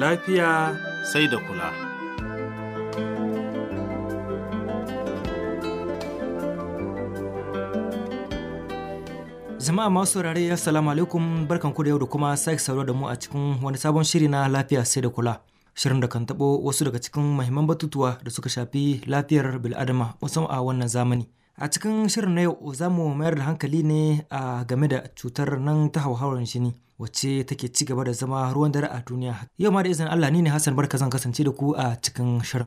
lafiya sai da kula. Jama'a masu saurare Assalamu alaikum barkanku da yau da kuma sake sauraro da mu a cikin wani sabon shiri na lafiya sai da kula. Shirin da kan taɓo wasu daga cikin mahimman batutuwa da suka shafi lafiyar bil'adama musamman a wannan zamani. A cikin shirin na yau za mu mayar da hankali ne a game da cutar nan ta hauhawar jini wacce take ci gaba da zama ruwan dare a duniya. Yau ma da izinin Allah ni ne Hassan Barka zan kasance da ku a cikin shirin.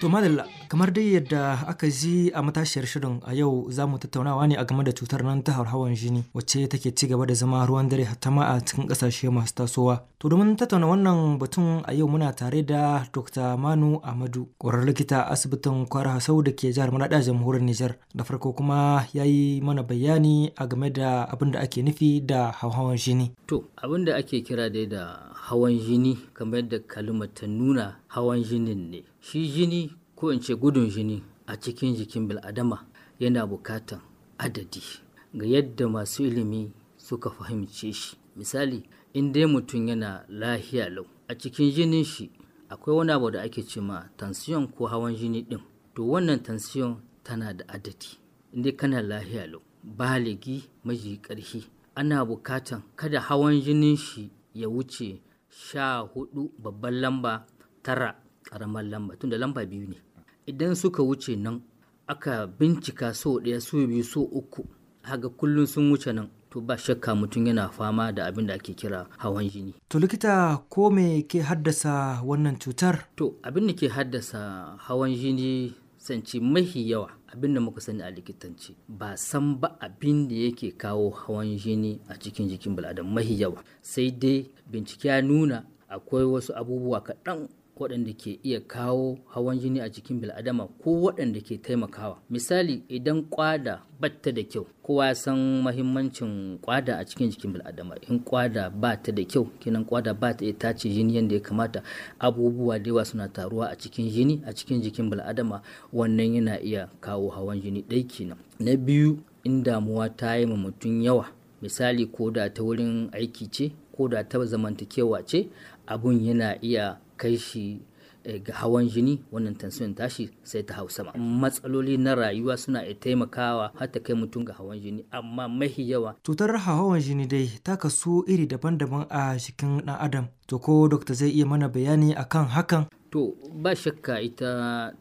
To madalla kamar dai yadda aka ji a matashiyar shirin a yau za mu tattaunawa ne a game da cutar nan ta hawan jini wacce take ci gaba da zama ruwan dare hatta ma a cikin kasashe masu tasowa to domin tattauna wannan batun a yau muna tare da dr manu amadu ƙwararren likita asibitin kwara hasau da ke jihar manaɗa jamhuriyar nijar da farko kuma ya yi mana bayani a game da abin da ake nufi da hawan jini to abin da ake kira dai da hawan jini kamar yadda kalmar ta nuna hawan jinin ne shi jini ko in ce gudun jini a cikin jikin bil'adama yana bukatan adadi ga yadda masu ilimi suka fahimce shi misali in dai mutum yana lahiya lau a cikin jinin shi akwai wani abu da ake ce ma tansiyon ko hawan jini din to wannan tansiyon tana da adadi in kana lahiya lau baligi maji karhi ana bukatan kada hawan jinin shi ya wuce sha hudu babban lamba tara karamar lamba tunda lamba biyu ne idan suka wuce nan aka bincika so ɗaya so biyu so uku haga kullum sun wuce nan to ba shakka mutum yana fama da abin da ake kira hawan jini. To likita ko me ke haddasa wannan cutar? To abin da ke haddasa hawan jini sanci mahi yawa abin da muka sani a likitanci ba san ba abin da yake kawo hawan jini a cikin jikin bil'adam mahi yawa sai dai bincike ya nuna akwai wasu abubuwa kaɗan waɗanda ke iya kawo hawan jini a cikin bil'adama ko waɗanda ke taimakawa misali idan kwada batta da kyau kowa ya san mahimmancin kwada a cikin jikin bil'adama in kwada ba ta da kyau kinan kwada ba ta tace jini yadda ya kamata abubuwa da yawa suna taruwa a cikin jini a cikin jikin bil'adama wannan yana iya kawo hawan jini ɗai kenan na biyu in damuwa ta yi ma mutum yawa misali ko da ta wurin aiki ce ko da ta zamantakewa ce abun yana iya kai shi eh, ga hawan jini wannan tansiyon tashi sai ta hau sama matsaloli na rayuwa suna iya taimakawa har ta kai mutum ga hawan jini amma mahi yawa cutar hawan jini dai ta kasu iri daban-daban a cikin ɗan adam to ko dokta zai iya mana bayani akan hakan to ba shakka ita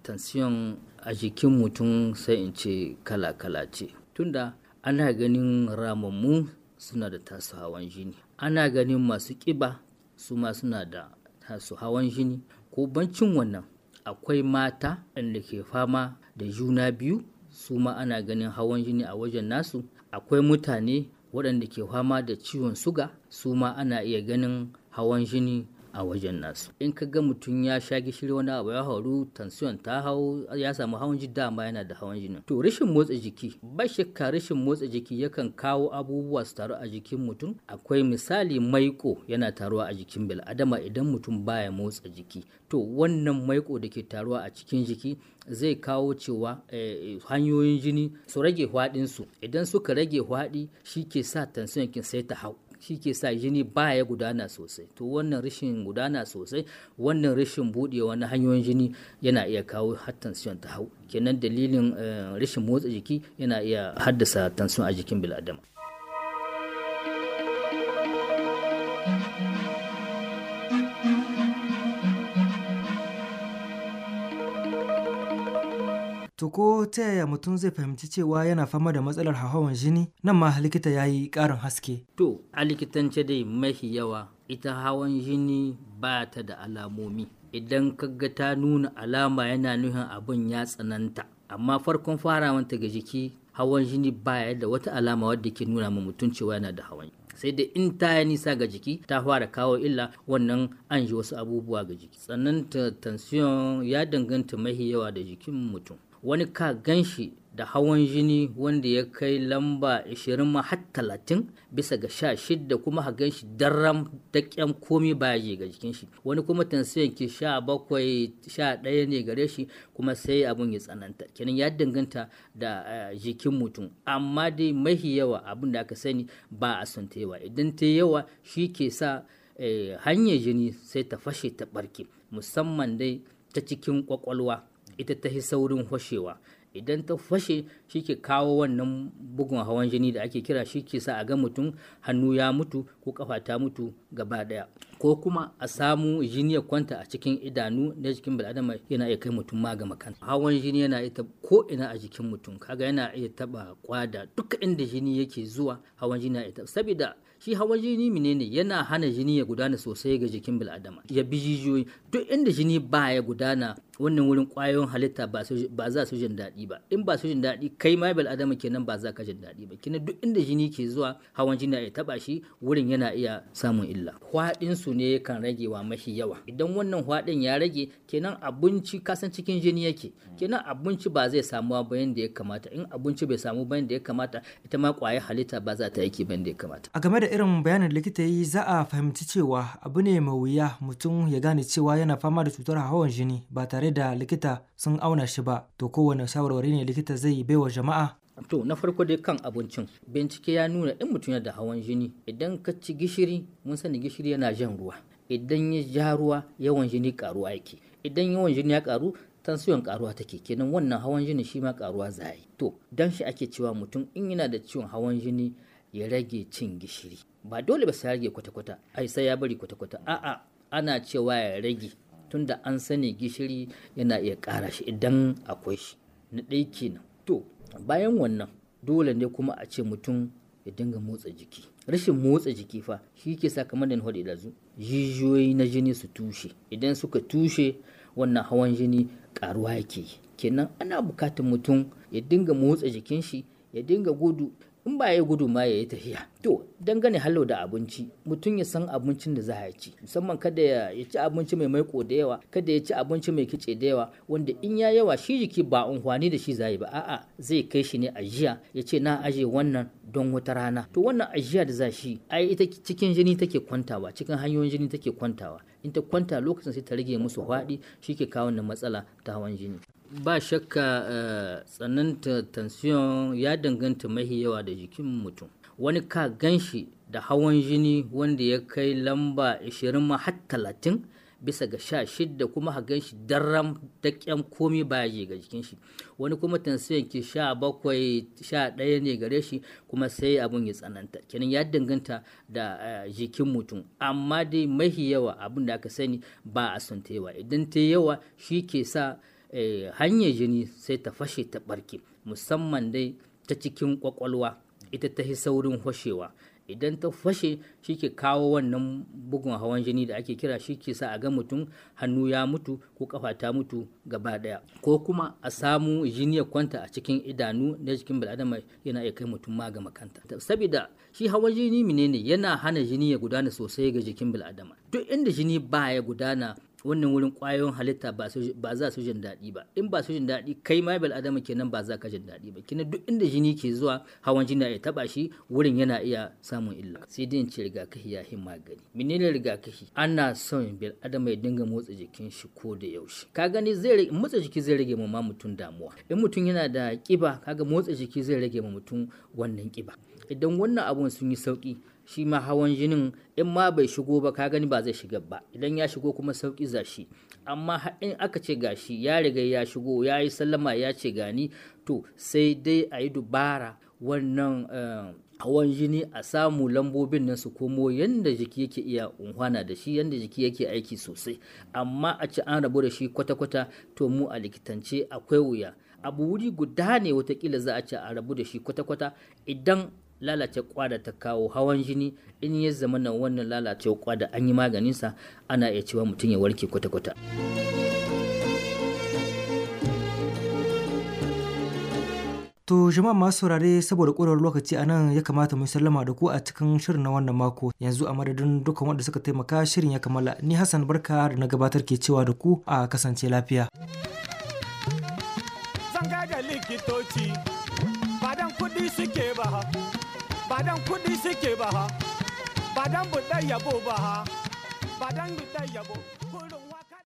tansiyon a jikin mutum sai in ce kala-kala ce tunda ana ganin ramammu suna da tasu hawan jini ana ganin masu ƙiba su ma suna da tasu hawan jini ko bancin wannan akwai mata da ke fama da juna biyu su ma ana ganin hawan jini a wajen nasu akwai mutane waɗanda ke fama da ciwon suga su ma ana iya ganin hawan jini a wajen nasu in ka ga mutum ya sha gishiri wani abu ya hauru tansiyon ta hau ya samu hawan jini dama yana da hawan jini to rashin motsa jiki ba shakka rashin motsa jiki yakan kawo abubuwa su taru a jikin mutum akwai misali maiko yana taruwa a jikin bil adama idan mutum baya motsa jiki to wannan maiko da ke taruwa a cikin jiki zai kawo cewa eh, hanyoyin jini su rage hwaɗinsu idan suka rage hwaɗi shi ke sa tansiyon kin sai ta hau shi ke sa jini baya gudana sosai to wannan rashin gudana sosai wannan rashin buɗewa na hanyoyin jini yana iya kawo har ta hau kenan dalilin eh, rashin motsa jiki yana iya haddasa tansiyon a jikin bil'adama To ko ta yaya mutum zai fahimci cewa yana fama da matsalar hauhawar jini nan ma likita ya yi ƙarin haske. To a likitance dai mafi yawa ita hawan jini ba ta da alamomi. Idan kaga ta nuna alama yana nuhin abin ya tsananta. Amma farkon ta ga jiki hawan jini baya da wata alama wadda ke nuna ma mutum cewa yana da hawan sai da in ta yi nisa ga jiki ta fara kawo illa wannan an ji wasu abubuwa ga jiki sannan tansiyon ya danganta mahi yawa da jikin mutum wani ka gan shi da hawan jini wanda ya kai lamba 20 ma har 30 bisa ga 16 kuma ha gan shi da kyan komi baya je ga jikin shi wani kuma tansiyan ki 17 11 ne gare shi kuma sai abun ya tsananta kenan ya danganta da eh, jikin mutum amma dai mahi yawa abun da aka sani ba a son ta yawa idan ta yawa shi ke sa eh, hanyar jini sai ta fashe ta barke musamman dai ta cikin kwakwalwa ita ta fi saurin fashewa idan ta fashe shi ke kawo wannan bugun hawan jini da ake kira shi ke sa a ga mutum hannu ya mutu ko kafa ta mutu gaba daya ko kuma a samu jini ya kwanta a cikin idanu na jikin bil'adama yana iya kai mutum ma ga makan hawan jini yana iya ko ina a jikin mutum kaga yana iya taba kwada duka inda jini yake zuwa hawan jini yana iya saboda shi hawan jini menene yana hana jini ya gudana sosai ga jikin bil'adama ya bi jijiyoyi duk inda jini ba ya gudana wannan wurin kwayoyin halitta ba za su jin daɗi ba in ba su jin daɗi kai ma bil'adama kenan ba za ka jin daɗi ba kina duk inda jini ke zuwa hawan jini ya taba shi wurin yana iya samun illa illa hwaɗin su ne kan rage wa mafi yawa idan wannan hwaɗin ya rage kenan abinci kasan cikin jini yake kenan abinci ba zai samu ba yanda ya kamata in abinci bai samu ba ya kamata ita ma ƙwayar halitta ba za ta yake ba ya kamata a game da irin bayanin likita yi za a fahimci cewa abu ne mai wuya mutum ya gane cewa yana fama da cutar hawan jini ba tare da likita sun auna shi ba to kowane shawarwari ne likita zai baiwa jama'a To na farko dai kan abincin bincike ya nuna in mutum yana da hawan jini idan ka ci gishiri mun sani gishiri yana jan ruwa idan ya ja ruwa yawan jini karuwa yake idan yawan jini ya karu tansiyon karuwa take kenan wannan hawan jini shi ma karuwa zai to dan shi ake cewa mutum in yana da ciwon hawan jini ya rage cin gishiri ba dole ba sai ya rage kwata-kwata ai sai ya bari kwata-kwata a'a ana cewa ya rage tunda an sani gishiri yana iya kara shi idan akwai shi na ɗaya kenan to bayan wannan dole ne kuma a ce mutum ya dinga motsa jiki rashin motsa jiki fa shi ke sa kamar da na faɗi dazu jijiyoyi na jini su tushe idan suka tushe wannan hawan jini ƙaruwa yake kenan ana bukatar mutum ya dinga motsa jikin shi ya dinga gudu in ba ya gudu ma ya yi tafiya to dangane hallo da abinci mutum ya san abincin da za a ci musamman kada ya ci abinci mai maiko da yawa kada ya ci abinci mai kice da yawa wanda in ya yawa shi jiki ba unhwani da shi zai ba a'a zai kai shi ne ajiya ya ce na aje wannan don wata rana to wannan ajiya da za shi ai ita cikin jini take kwantawa cikin hanyoyin jini take kwantawa in ta kwanta lokacin sai ta rage musu hwaɗi shi ke kawo matsala ta hawan jini ba shakka eh, tsananta tension ya danganta mahi yawa da jikin mutum wani ka ganshi da hawan jini wanda ya kai lamba 20 ma har 30 bisa ga sha shidda kuma ha ganshi daram da kyan komi baya je ga jikin shi wani kuma tension ki sha bakwai sha ɗaya ne gare shi kuma sai abun ya tsananta kenan ya danganta da eh, jikin mutum amma dai mahi yawa abun da aka sani ba a son ta yawa idan ta yawa shi ke sa Eh, hanyar jini sai ta fashe ta barke musamman dai ta cikin kwakwalwa ita ta saurin fashewa idan ta fashe shi ke kawo wannan bugun hawan jini da ake kira shi ke sa a ga mutum hannu ya mutu ko kafa ta mutu gaba daya ko kuma a samu jini ya kwanta a cikin idanu na jikin bil'adama yana iya kai mutum ma ga makanta saboda shi hawan jini menene yana hana jini ya gudana sosai ga jikin bil'adama duk inda jini ba ya gudana wannan wurin kwayoyin halitta ba za su jin daɗi ba in ba su jin daɗi kai ma bil adama kenan ba za ka jin daɗi ba kina duk inda jini ke zuwa hawan jini ya taba shi wurin yana iya samun illa sai dai ce rigakafi ya hin magani menene rigakafi ana son bil adama ya dinga motsa jikin shi ko da yaushe ka gani zai motsa jiki zai rage ma mutum damuwa in mutum yana da kiba kaga motsa jiki zai rage ma mutum wannan kiba idan wannan abun sun yi sauki shi ma hawan jinin in ma bai shigo ba ka gani ba zai shiga ba idan ya shigo kuma sauki za shi amma in aka ce ga shi ya riga ya shigo ya yi sallama ya ce gani to sai dai a yi dubara wannan eh, hawan jini a samu lambobin nan su komo yadda jiki yake iya unhwana da shi yadda jiki yake aiki sosai amma a ce an rabu da shi kwata-kwata to mu a likitance akwai wuya abu wuri guda ne watakila za a ce a rabu da shi kwata-kwata idan lalace kwada ta kawo hawan jini in ya zama na wannan lalace kwada an yi maganinsa ana iya cewa mutum ya warke kwata-kwata. To jama'a masu saurare saboda ƙorar lokaci a nan ya kamata mu sallama da ku a cikin shirin na wannan mako yanzu a madadin dukkan wanda suka taimaka shirin ya kammala ni Hassan Barka da na gabatar ke cewa da ku a kasance lafiya. Zanga da likitoci, fadan kuɗi suke ba Badan dan kudi suke ba ha ba dan yabo ba ha ba dan yabo kurin